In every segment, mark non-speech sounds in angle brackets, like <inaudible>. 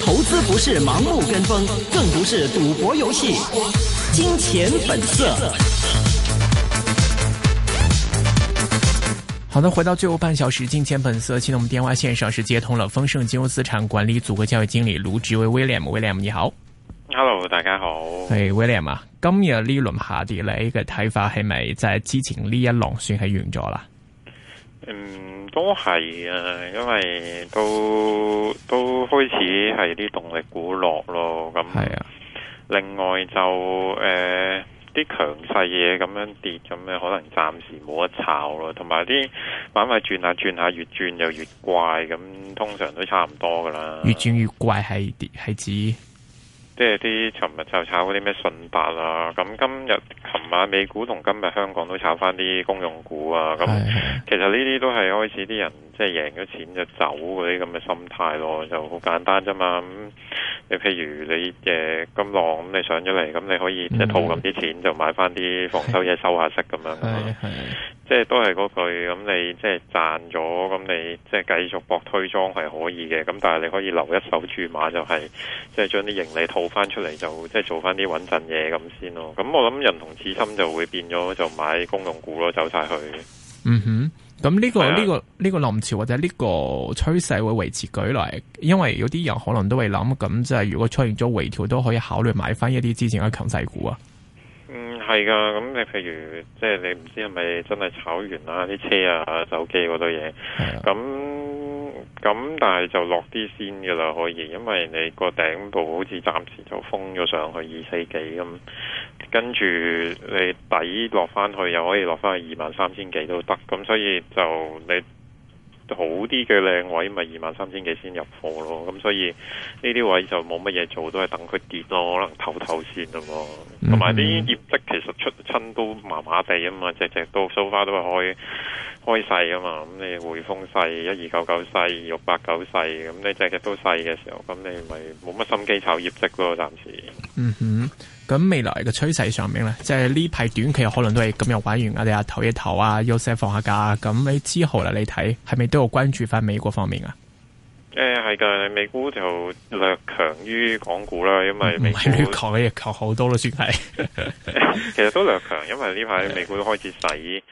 投資不是盲目跟風，更不是賭博遊戲。金錢本色。好的，回到最後半小時，金錢本色。現在我們電話線上是接通了豐盛金融資產管理組合交易經理盧志威 William，William 你好，Hello，大家好。誒，William 啊，今日呢輪下跌嘅睇法係咪就係之前呢一浪算係完咗啦？嗯，都係啊，因為都都開始係啲動力股落咯，咁、嗯。係啊。另外就誒，啲強勢嘢，咁樣跌，咁樣可能暫時冇得炒咯。同埋啲慢慢轉下轉下，越轉就越怪，咁、嗯、通常都差唔多噶啦。越轉越怪係跌係指？即係啲尋日就炒嗰啲咩順達啊，咁今日、琴晚美股同今日香港都炒翻啲公用股啊，咁的其實呢啲都係開始啲人。即係贏咗錢就走嗰啲咁嘅心態咯，就好簡單啫嘛。咁你譬如你誒金浪，咁你上咗嚟，咁你可以即係套咁啲錢，嗯、就買翻啲防守嘢收下息咁樣。係係，即係都係嗰句，咁你即係、就是、賺咗，咁你即係、就是、繼續搏推莊係可以嘅。咁但係你可以留一手注碼、就是，就係即係將啲盈利套翻出嚟，就即係做翻啲穩陣嘢咁先咯。咁我諗人同刺心就會變咗，就買公用股咯，走晒去。嗯哼。咁呢、呢個呢的、呢個呢、呢個浪潮或者呢個趨勢會維持舉來，因為有啲人可能都會諗，咁即係如果出現咗回調，都可以考慮買翻一啲之前嘅強勢股啊。嗯，係噶，咁你譬如即係你唔知係咪真係炒完啊，啲車啊、手機嗰啲嘢，咁的。咁但係就落啲先噶啦，可以，因為你個頂部好似暫時就封咗上去二四幾咁，跟住你底落翻去又可以落翻去二萬三千幾都得，咁所以就你。好啲嘅靚位，咪二萬三千幾先入貨咯。咁所以呢啲位就冇乜嘢做，都係等佢跌咯，可能抖抖先咯。同埋啲業績其實出親都麻麻地啊嘛，只只都 so far 都係開開細啊嘛。咁你匯豐細，一二九九細，六八九細，咁你只只都細嘅時候，咁你咪冇乜心機炒業績咯，暫時。嗯哼。咁未來嘅趨勢上面咧，即係呢排短期可能都係咁樣玩完頭頭啊，你啊投一投啊，休息放下假，咁你之後啦，你睇係咪都要關注翻美國方面啊？誒、呃，係噶，美股就略強於港股啦，因為美股、嗯、強嘅 <laughs> 強好多咯，算係。其實都略強，因為呢排美股都開始使，嗯、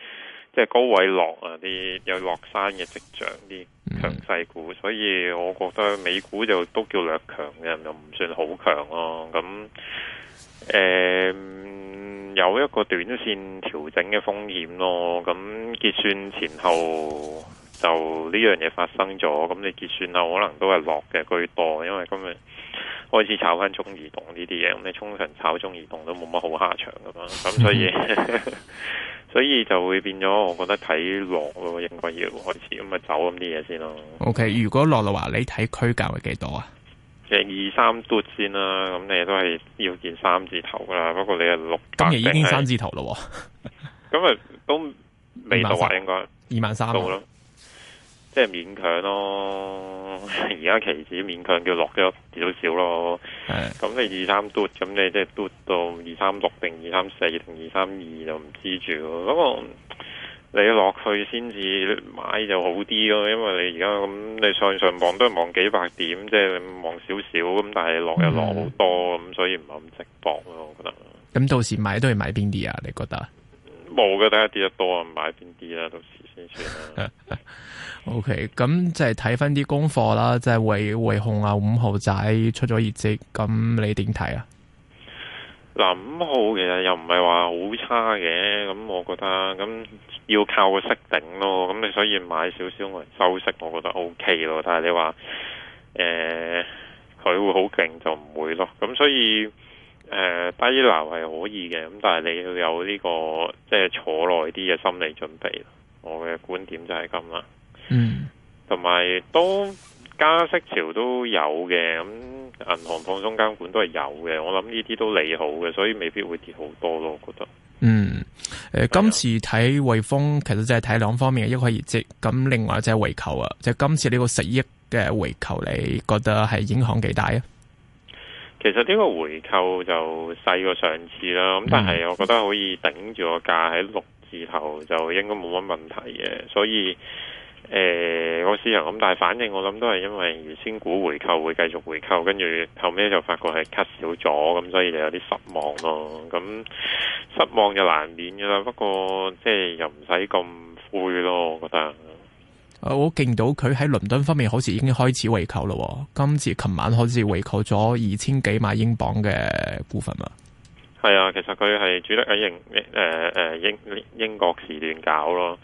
即係高位落啊，啲有落山嘅跡象啲強勢股，所以我覺得美股就都叫略強嘅，又唔算好強咯，啊，咁。誒、嗯，有一個短線調整嘅風險咯。咁結算前後就呢樣嘢發生咗，咁你結算啊，可能都係落嘅居多，因為今日開始炒翻中移動呢啲嘢，咁你通常炒中移動都冇乜好下場噶嘛，咁所以、嗯、 <laughs> 所以就會變咗，我覺得睇落咯，應該要開始咁咪走咁啲嘢先咯。OK，如果落落話，你睇區間係幾多啊？二三嘟先啦，咁你都係要見三字頭㗎啦。不過你係六，今日已經三字頭咯。咁 <laughs> 啊都未到話 23 00 應該二萬三咯，即係勉強咯。而家期指勉強叫落咗少少咯。咁你二三嘟，咁你即係嘟到二三六定二三四定二三二就唔知住咯。咁我。你落去先至買就好啲咯，因為你而家咁你上上望都望幾百點，即係望少少咁，但係落又落好多咁，嗯、所以唔係咁直搏咯，我覺得。咁、嗯、到時買都係買邊啲啊？你覺得？冇嘅、嗯，睇下跌得多啊，買邊啲啦？到時先算、啊。OK，咁即係睇翻啲功課啦，即係滙豐控啊，五號仔出咗業績，咁你點睇啊？嗱，五號其實又唔係話好差嘅，咁我覺得咁要靠個息頂咯，咁你所以買少少嚟收息，我覺得 OK 咯。但係你話誒佢會好勁就唔會咯，咁所以誒低流係可以嘅，咁但係你要有呢個即係坐耐啲嘅心理準備。我嘅觀點就係咁啦。嗯，同埋都加息潮都有嘅咁。嗯銀行放鬆監管都係有嘅，我諗呢啲都利好嘅，所以未必會跌好多咯。我覺得嗯，誒、呃，今次睇匯豐，其實即係睇兩方面，嘅一個業績，咁另外就係回購啊。就今次呢個十億嘅回購，你覺得係影響幾大啊？其實呢個回購就細過上次啦，咁但係我覺得可以頂住個價喺六字頭，就應該冇乜問題嘅，所以。誒，個市場咁大反應，我諗都係因為原先股回購會繼續回購，跟住後尾就發覺係 cut 少咗，咁所以就有啲失望咯。咁、嗯、失望就難免噶啦，不過即係又唔使咁灰咯，我覺得。啊、我見到佢喺倫敦方面好似已經開始回購咯，今次琴晚好似回購咗二千幾萬英鎊嘅股份啊。係啊、嗯，其實佢係主力喺英誒誒、呃、英英，英國時段搞咯。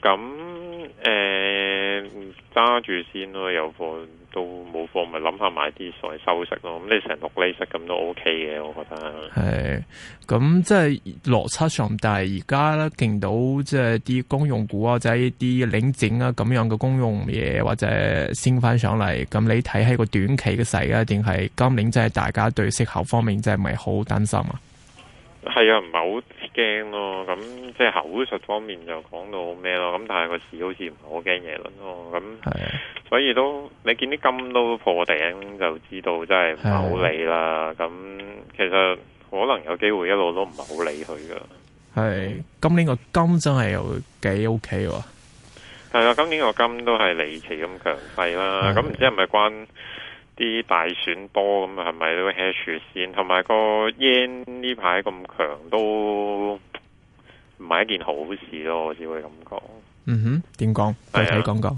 咁誒揸住先咯，有貨都冇貨咪諗下買啲所謂收息咯。咁你成六厘息咁都 O K 嘅，我覺得係。咁即係邏輯上，但係而家咧見到即係啲公用股或者啊，即係呢啲領展啊咁樣嘅公用嘢，或者升翻上嚟，咁你睇喺個短期嘅勢啊，定係今年即係大家對息口方面即係唔係好擔心啊？係啊，唔係好。驚咯，咁、嗯、即係口述方面就講到咩咯，咁、嗯、但係個市好似唔係好驚耶倫咯，咁、嗯是啊、所以都你見啲金都破頂，就知道真係唔係好理啦。咁是、啊嗯、其實可能有機會一路都唔係好理佢噶。係是、啊嗯、今年個金真係有幾 O K 喎，係啊、嗯，今年個金都係離奇咁強勢啦。咁唔是、啊嗯、知係咪關？啲大選波咁啊，係咪都 heat 住先？同埋個 yen 呢排咁強都唔係一件好事咯，我只會咁講。嗯哼，點講？具體講講。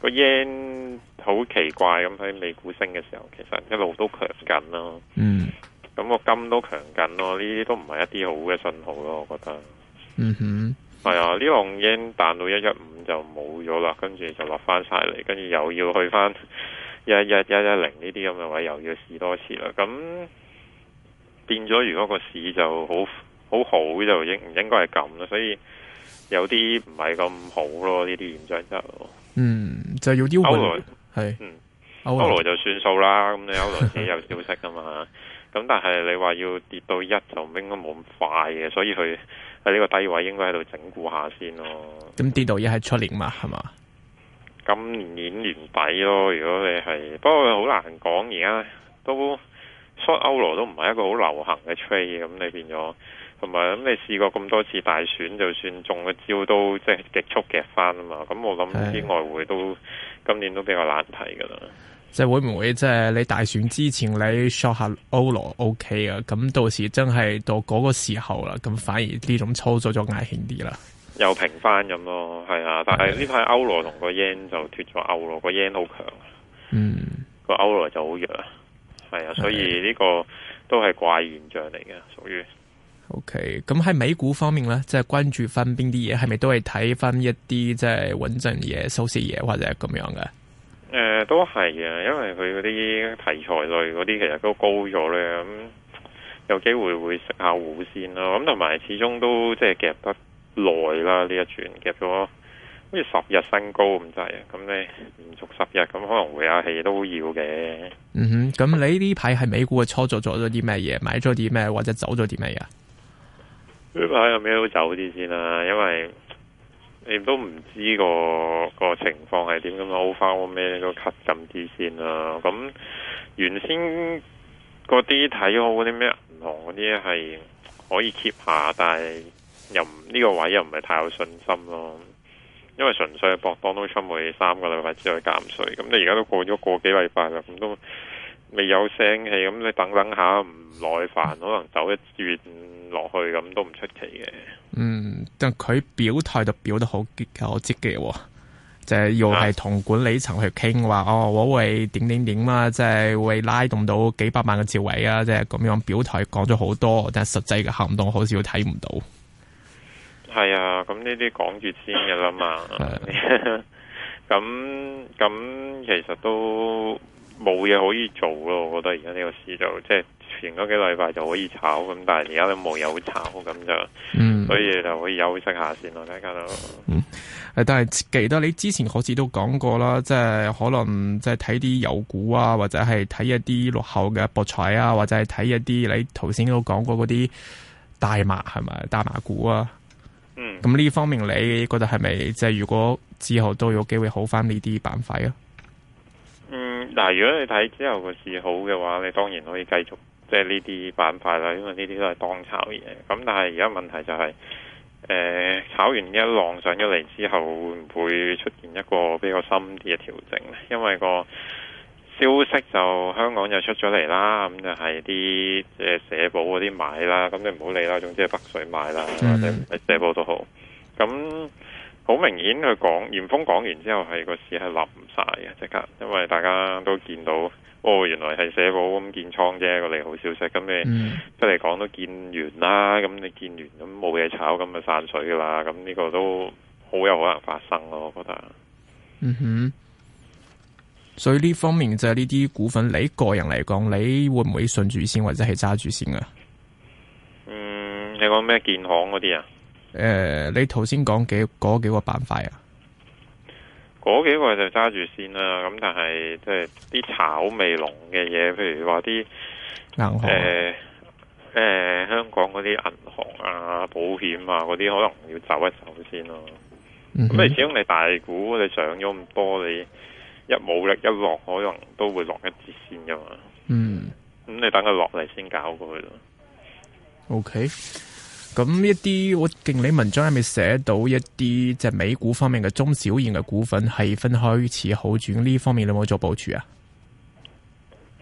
個 yen 好奇怪咁喺美股升嘅時候，其實一路都強緊咯。嗯，咁個金都強緊咯，呢啲都唔係一啲好嘅信號咯，我覺得。嗯哼，係啊，呢、這個 yen 彈到一一五就冇咗啦，跟住就落翻晒嚟，跟住又要去翻。一一一一零呢啲咁嘅位又要試多次啦，咁變咗如果個市就好好好就應唔應該係咁啦，所以有啲唔係咁好咯，呢啲現象就嗯，就要啲歐羅係嗯，歐羅就算數啦，咁你歐羅自己有消息噶嘛，咁 <laughs> 但係你話要跌到一就唔應該冇咁快嘅，所以佢喺呢個低位應該喺度整固下先咯。咁、嗯、跌到一係出年嘛係嘛？今年年底咯，如果你係，不過好難講。而家都 short 歐羅都唔係一個好流行嘅 trade，咁你變咗同埋咁你試過咁多次大選，就算中咗招都即係極速夾返啊嘛。咁我諗啲外匯都的今年都比較難睇噶啦。即係會唔會即係你大選之前你 short 下歐羅 OK 啊？咁到時真係到嗰個時候啦，咁反而呢種操作就危險啲啦。又平翻咁咯，係啊。但係呢排歐羅同個 yen 就脫咗歐羅個 yen 好強，歐羅強嗯個歐羅就好弱，係啊。所以呢個都係怪現象嚟嘅，屬於 OK。咁喺美股方面咧，即係關注翻邊啲嘢，係咪都係睇翻一啲即係穩陣嘢、收息嘢或者咁樣嘅？誒、呃，都係嘅、啊，因為佢嗰啲題材類嗰啲其實都高咗咧，咁有機會會食下糊先咯。咁同埋始終都即係夾得。耐啦，呢一轉夾咗好似十日新高咁滯啊！咁你唔足十日，咁可能回下氣都要嘅。嗯哼，咁你呢排係美股嘅操作做咗啲咩嘢？買咗啲咩或者走咗啲咩啊？呢排有咩都走啲先啦，因為你都唔知，嗰個情況係點咁啊。over 咩都 cut 咁啲先啦。咁原先嗰啲睇好嗰啲咩銀行嗰啲係可以 keep 下，但係。又呢、呢個位又唔係太有信心咯，因為純粹博當都出嚟三個禮拜之內減稅，咁你而家都過咗個幾禮拜啦，咁都未有聲氣，咁你等等下唔耐煩，可能走一轉落去咁都唔出奇嘅。嗯，但佢表態就表得好結好積極、啊，就又係同管理層去傾話哦，我會點點點嘛，即、就、係、是、會拉動到幾百萬嘅職位啊，即係咁樣表態講咗好多，但係實際嘅行動好似睇唔到。係啊，咁呢啲講住先嘅啦嘛。咁咁其實都冇嘢可以做咯，我覺得而家呢個市就即係前嗰幾禮拜就可以炒，咁但係而家都冇有炒，咁就所以就可以休息下先咯，大家都。嗯，但係記得你之前好似都講過啦，即係可能即係睇啲油股啊，或者係睇一啲落後嘅博彩啊，或者係睇一啲你頭先都講過嗰啲大麻係咪？大麻股啊？咁呢方面你覺得係咪即係如果之後都有機會好翻呢啲板塊啊？嗯，嗱，如果你睇之後個市好嘅話，你當然可以繼續即係呢啲板塊啦，因為呢啲都係當炒嘢。咁但係而家問題就係、是，誒、呃，炒完呢一浪上咗嚟之後，會唔會出現一個比較深啲嘅調整咧？因為個消息就香港又出咗嚟啦，咁就係啲即係社保嗰啲買啦，咁你唔好理啦，總之係北水買啦，或者社保都好。咁好明顯佢講嚴峰講完之後，係個市係冧晒嘅即刻，因為大家都見到哦，原來係社保咁建倉啫個利好消息，咁你出嚟講都建完啦，咁你建完咁冇嘢炒，咁咪散水啦，咁呢個都好有可能發生咯，我覺得。嗯哼。所以呢方面就係呢啲股份，你個人嚟講，你會唔會信住先，或者係揸住先啊？嗯，你講咩建行嗰啲啊？誒，你頭先講幾嗰幾個板塊啊？嗰幾個就揸住先啦。咁但係即係啲炒味濃嘅嘢，譬如話啲銀行誒誒、呃呃，香港嗰啲銀行啊、保險啊嗰啲，可能要走一走先咯。咁你、嗯、哼始終你大股你上咗咁多，你。一冇力一落，可能都會落一截先㗎嘛。嗯，咁你等佢落嚟先搞過去咯。OK，咁一啲我見你文章係咪寫到一啲即係美股方面嘅中小型嘅股份氣氛開始好轉呢方面，有冇做部署啊？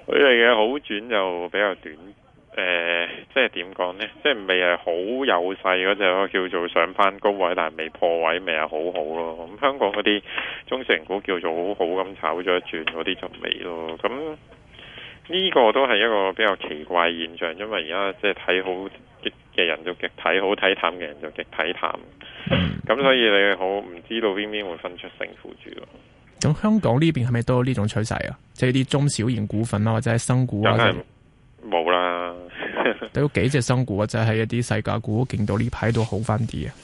佢哋嘅好轉就比較短。誒、呃，即係點講呢？即係未係好有勢嗰隻，叫做上返高位，但係未破位，未係好好咯。咁香港嗰啲中成股叫做好好咁炒咗一轉，嗰啲就未咯。咁呢個都係一個比較奇怪現象，因為而家即係睇好嘅人就極睇好，睇淡嘅人就極睇淡。咁 <laughs> 所以你好唔知道邊邊會分出勝負住咯。咁、嗯、香港呢邊係咪都有呢種趨勢啊？即係啲中小型股份啊，或者係新股啊？冇、嗯、就啦。都有幾隻新股啊，即係一啲細價股，見到呢排都好返啲啊！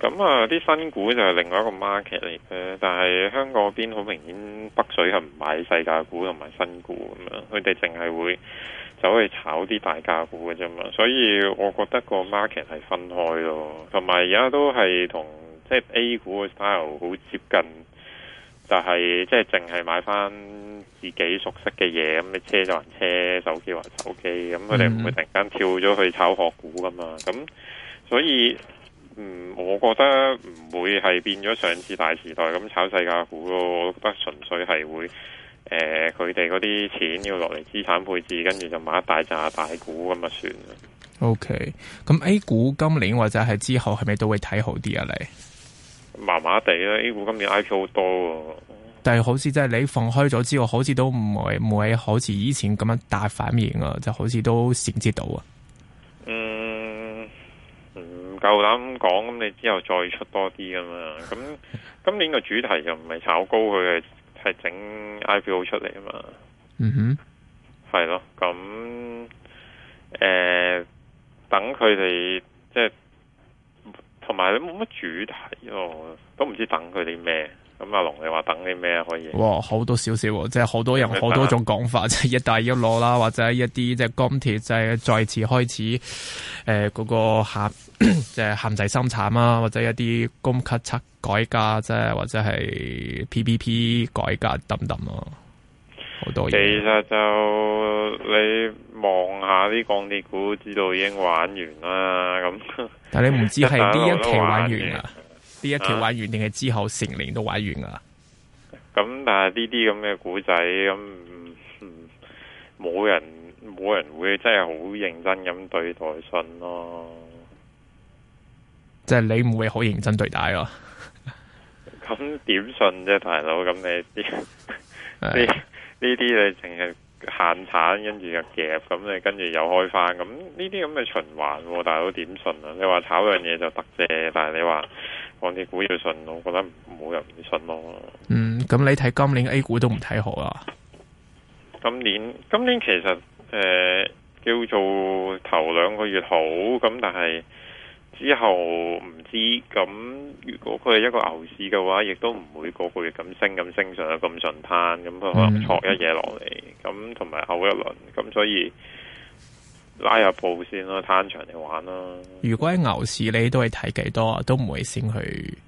咁啊，啲新股就係另外一個 market 嚟嘅，但係香港嗰邊好明顯，北水係唔買細價股同埋新股咁啊，佢哋淨係會走去炒啲大價股嘅啫嘛，所以我覺得個 market 係分開咯，同埋而家都係同即係 A 股嘅 style 好接近。就係即係淨係買返自己熟悉嘅嘢，咁你車就還車，手機還手機，咁佢哋唔會突然間跳咗去炒殼股㗎嘛？咁所以唔，我覺得唔會係變咗上次大時代咁炒世界股咯。我覺得純粹係會誒，佢哋嗰啲錢要落嚟資產配置，跟住就買一大紮大股咁啊算啦。O K. 咁 A 股今年或者係之後係咪都會睇好啲啊？你？麻麻地啦，A 股今年 IPO 多、啊，但係好似即係你放開咗之後，好似都唔係唔係好似以前咁樣大反應啊，即係好似都承接到啊。嗯，唔夠膽講，咁你之後再出多啲㗎嘛？咁今年個主題就唔係炒高佢，係係整 IPO 出嚟啊嘛。嗯哼， <laughs> 係咯，咁、呃、誒，等佢哋即係。同埋你冇乜主題咯、啊，都唔知等佢啲咩。咁阿龍你話等啲咩可以哇，好多少少，即係好多人，好多種講法，即係什麼 <laughs> 一帶一路啦、啊，或者一啲即係鋼鐵即係、就是、再次開始誒嗰、呃那個限，即係限制生產啊，或者一啲供給側改革，即係或者係 P P P 改革等等咯、啊。多啊、其實就你望下啲鋼鐵股，知道已經玩完啦。咁但係你唔知係呢一期玩完，呢、啊、一期玩完，定係之後成年都玩完噶？咁但係呢啲咁嘅股仔，咁、嗯、冇人冇人會真係好認真咁對待信咯、啊。即係你唔會好認真對待咯。咁點信啫、啊，大佬？咁你啲啲？ <laughs> <laughs> t 呢啲你淨係限產，跟住又夾，咁你跟住又開翻，咁呢啲咁嘅循環，大佬點信啊？你話炒樣嘢就得啫，但係你話放啲股要信，我覺得唔好冇人信咯。嗯，咁你睇今年 A 股都唔睇好啊？今年今年其實誒、呃，叫做頭兩個月好，咁但係。之後唔知咁，如果佢係一個牛市嘅話，亦都唔會個個月咁升咁升上去，咁順灘，咁佢可能錯一嘢落嚟。咁同埋後一輪，咁所以拉下布線咯，攤長嚟玩咯。如果喺牛市，你都係睇幾多，都唔會升去。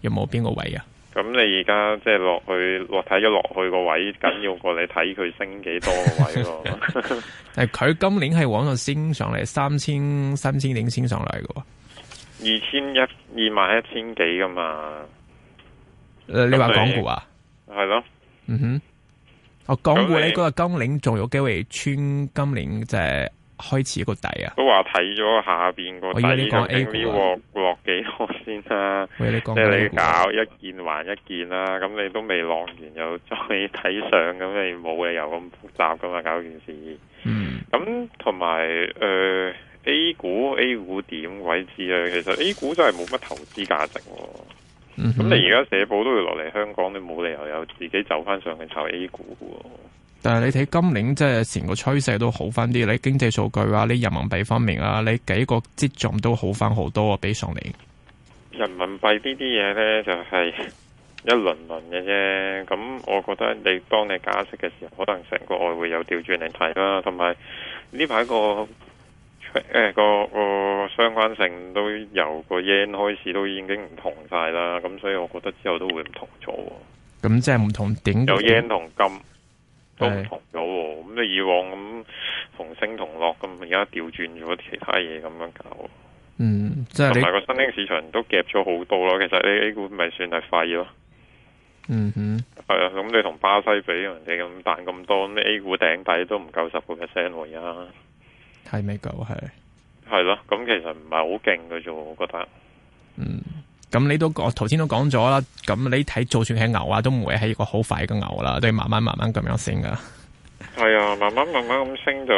有冇邊個位啊？咁你而家即係落去落睇咗落去個位，緊要過你睇佢升幾多位咯。但佢 <laughs> <laughs> <laughs> 今年係往度升上嚟三千三千點升上嚟嘅。二千一二萬一千幾噶嘛？誒你，你話港股啊？係咯。嗯哼。哦，我講過你嗰個金領仲有機會穿金領，即係開始一個底啊！都話睇咗下邊個，我以為你講過。我應該講 A 股啊。落落幾多先啊？即係你，你搞一件還一件啦、啊，咁你都未落完，又再睇相，咁你冇理由咁複雜噶嘛？搞件事。嗯。咁同埋誒。A 股 A 股點位置啊？其實 A 股真係冇乜投資價值、啊。咁、嗯、哼你而家社保都要落嚟，香港你冇理由有自己走翻上去炒 A 股、啊。但係你睇今年即係成個趨勢都好翻啲，你經濟數據啊，你人民幣方面啊，你幾個積重都好翻好多啊，比上年。人民幣呢啲嘢呢，就係、是、一輪輪嘅啫。咁我覺得你當你假設嘅時候，可能成個外匯又調轉嚟睇啦。同埋呢排個。誒，哎，那個個相關性都由個 yen 開始都已經唔同晒啦，咁所以我覺得之後都會唔同咗。咁即係唔同點？有 yen 同金都唔同咗。咁你是、嗯、以往咁同升同落，咁而家調轉咗其他嘢咁樣搞。嗯，即係同埋個新興市場都夾咗好多咯。其實你 A 股咪算係廢咯。嗯哼，係啊、嗯。咁你同巴西比，人哋咁彈咁多，咁 A 股頂底都唔夠十個 percent 位啊。係咩狗？係係咯，咁其實唔係好勁嘅啫。我覺得嗯，咁你都我頭先都講咗啦。咁你睇就算係牛啊，都唔會係一個好快嘅牛啦，都要慢慢慢慢咁樣升噶、啊。係啊，慢慢慢慢咁升就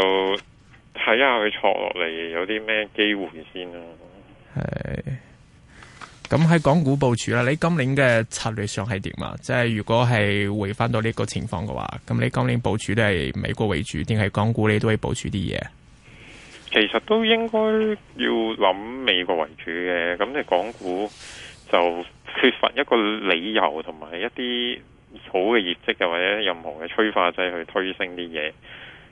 睇下佢坐落嚟，有啲咩機會先啦、啊。係咁喺港股部署啦，你今年嘅策略上係點啊？即係如果係回翻到呢個情況嘅話，咁你今年部署都係美國為主，定係港股你都可以部署啲嘢？其實都應該要諗美國為主嘅，咁你港股就缺乏一個理由同埋一啲好嘅業績，又或者任何嘅催化劑去推升啲嘢，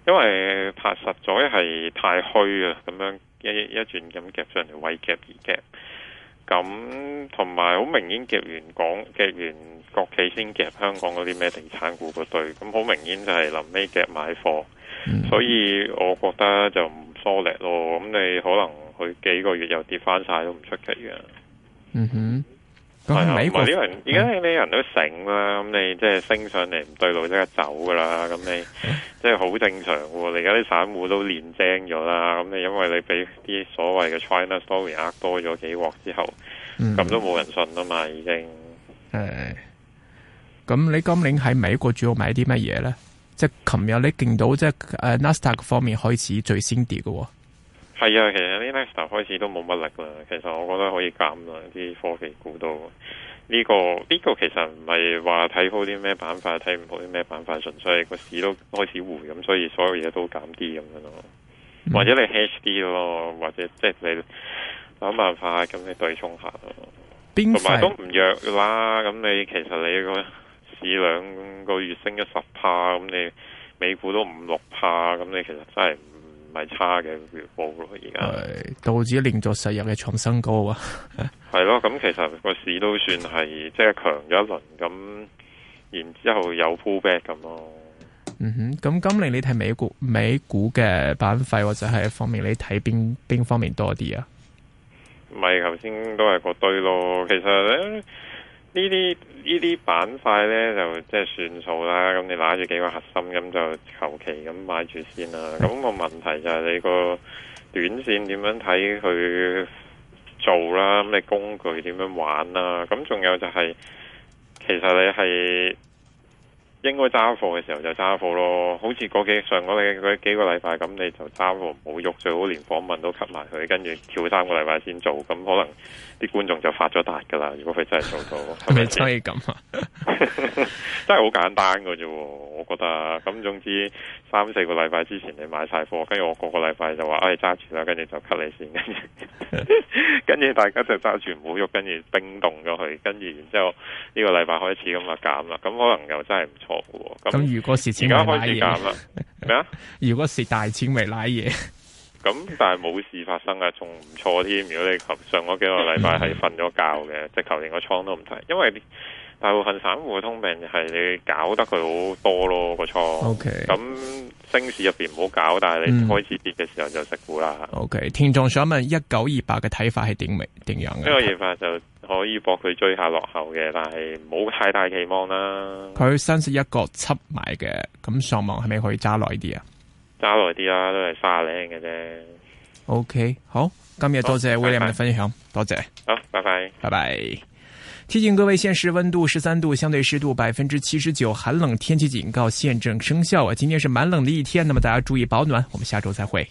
因為拍實在係太虛啊，咁樣一一轉咁夾上嚟，為夾而夾。咁同埋好明顯夾完港，夾完國企先夾香港嗰啲咩地產股嗰隊，咁好明顯就係臨尾夾買貨，所以我覺得就。縮力咯，咁你可能佢幾個月又跌翻晒都唔出奇嘅。嗯哼，咁、嗯、係是美國而家啲人都醒啦，咁、嗯、你即係升上嚟唔對路、嗯、即刻走噶啦，咁你即係好正常，你而家啲散戶都練精咗啦，咁你因為你俾啲所謂嘅 China Story 呃多咗幾鑊之後，咁、嗯、都冇人信啦嘛，已經。係、嗯。咁、嗯嗯、你今年喺美國主要買啲乜嘢咧？即係琴日你見到即係誒納斯達克方面開始最先跌嘅、哦，係啊，其實啲納斯達克開始都冇乜力啦。其實我覺得可以減啦，啲科技股都呢個呢個其實唔係話睇好啲咩板塊，睇唔到啲咩板塊，純粹個市都開始回咁，所以所有嘢都減啲咁樣咯,、嗯、咯。或者、就是、你 hedging 咯，或者即係你諗辦法咁你對沖下咯。同埋塊都唔弱噶啦，咁你其實你、個。市兩個月升咗十%，趴，咁你美股都五六%，咁你其實真係唔係差嘅月報咯。而家、哎、道指連續十日嘅創新高啊！係 <laughs> 咯，咁其實個市都算係即係強咗一輪，咁然之後有 pullback 咁咯。嗯哼，咁今年你睇美股美股嘅板塊或者係方面你，你睇邊邊方面多啲啊？咪頭先都係個堆咯，其實咧。呢啲呢啲板塊呢，就即係算數啦，咁你攞住幾個核心咁就求其咁買住先啦。咁個問題就係你個短線點樣睇佢做啦？咁你工具點樣玩啦？咁仲有就係、是、其實你係。應該揸貨嘅時候就揸貨咯，好似嗰幾上個幾幾個禮拜咁，你就揸貨唔好喐，最好連訪問都吸埋佢，跟住跳三個禮拜先做，咁可能啲觀眾就發咗達噶啦。如果佢真係做到，係咪真係咁啊，真係好簡單噶啫。覺得咁總之三四個禮拜之前你買晒貨，跟住我個個禮拜就話哎揸住啦，跟住就 cut 你先。跟住跟住大家就揸住唔好喐，跟住冰凍咗佢，跟住然之後呢個禮拜開始咁啊減啦，咁可能又真係唔錯嘅。咁、嗯、如果蝕錢而家開始減啦係咪啊？ <laughs> 如果蝕大錢未拉嘢？咁但係冇事發生啊，仲唔錯添。如果你頭上嗰幾個禮拜係瞓咗覺嘅， <laughs> 即係連個倉都唔睇，因為。大部分散戶嘅通病就係你搞得佢好多咯、個錯，OK 咁升市入邊唔好搞，但係你開始跌嘅時候就蝕股啦。OK，聽眾想問一九二八嘅睇法係點咩點樣嘅？一九二八就可以博佢追下落後嘅，但係唔好太大期望啦。佢三十一個七買嘅，咁上望係咪可以揸耐啲啊？揸耐啲啦，都係卅零嘅啫。OK，好，今日多謝 William 嘅分享，多謝。好，拜拜，拜拜。提醒各位，現時溫度十三度，相對濕度百分之七十九，寒冷天氣警告現正生效啊！今天是蠻冷的一天，那麼大家注意保暖，我們下周再會。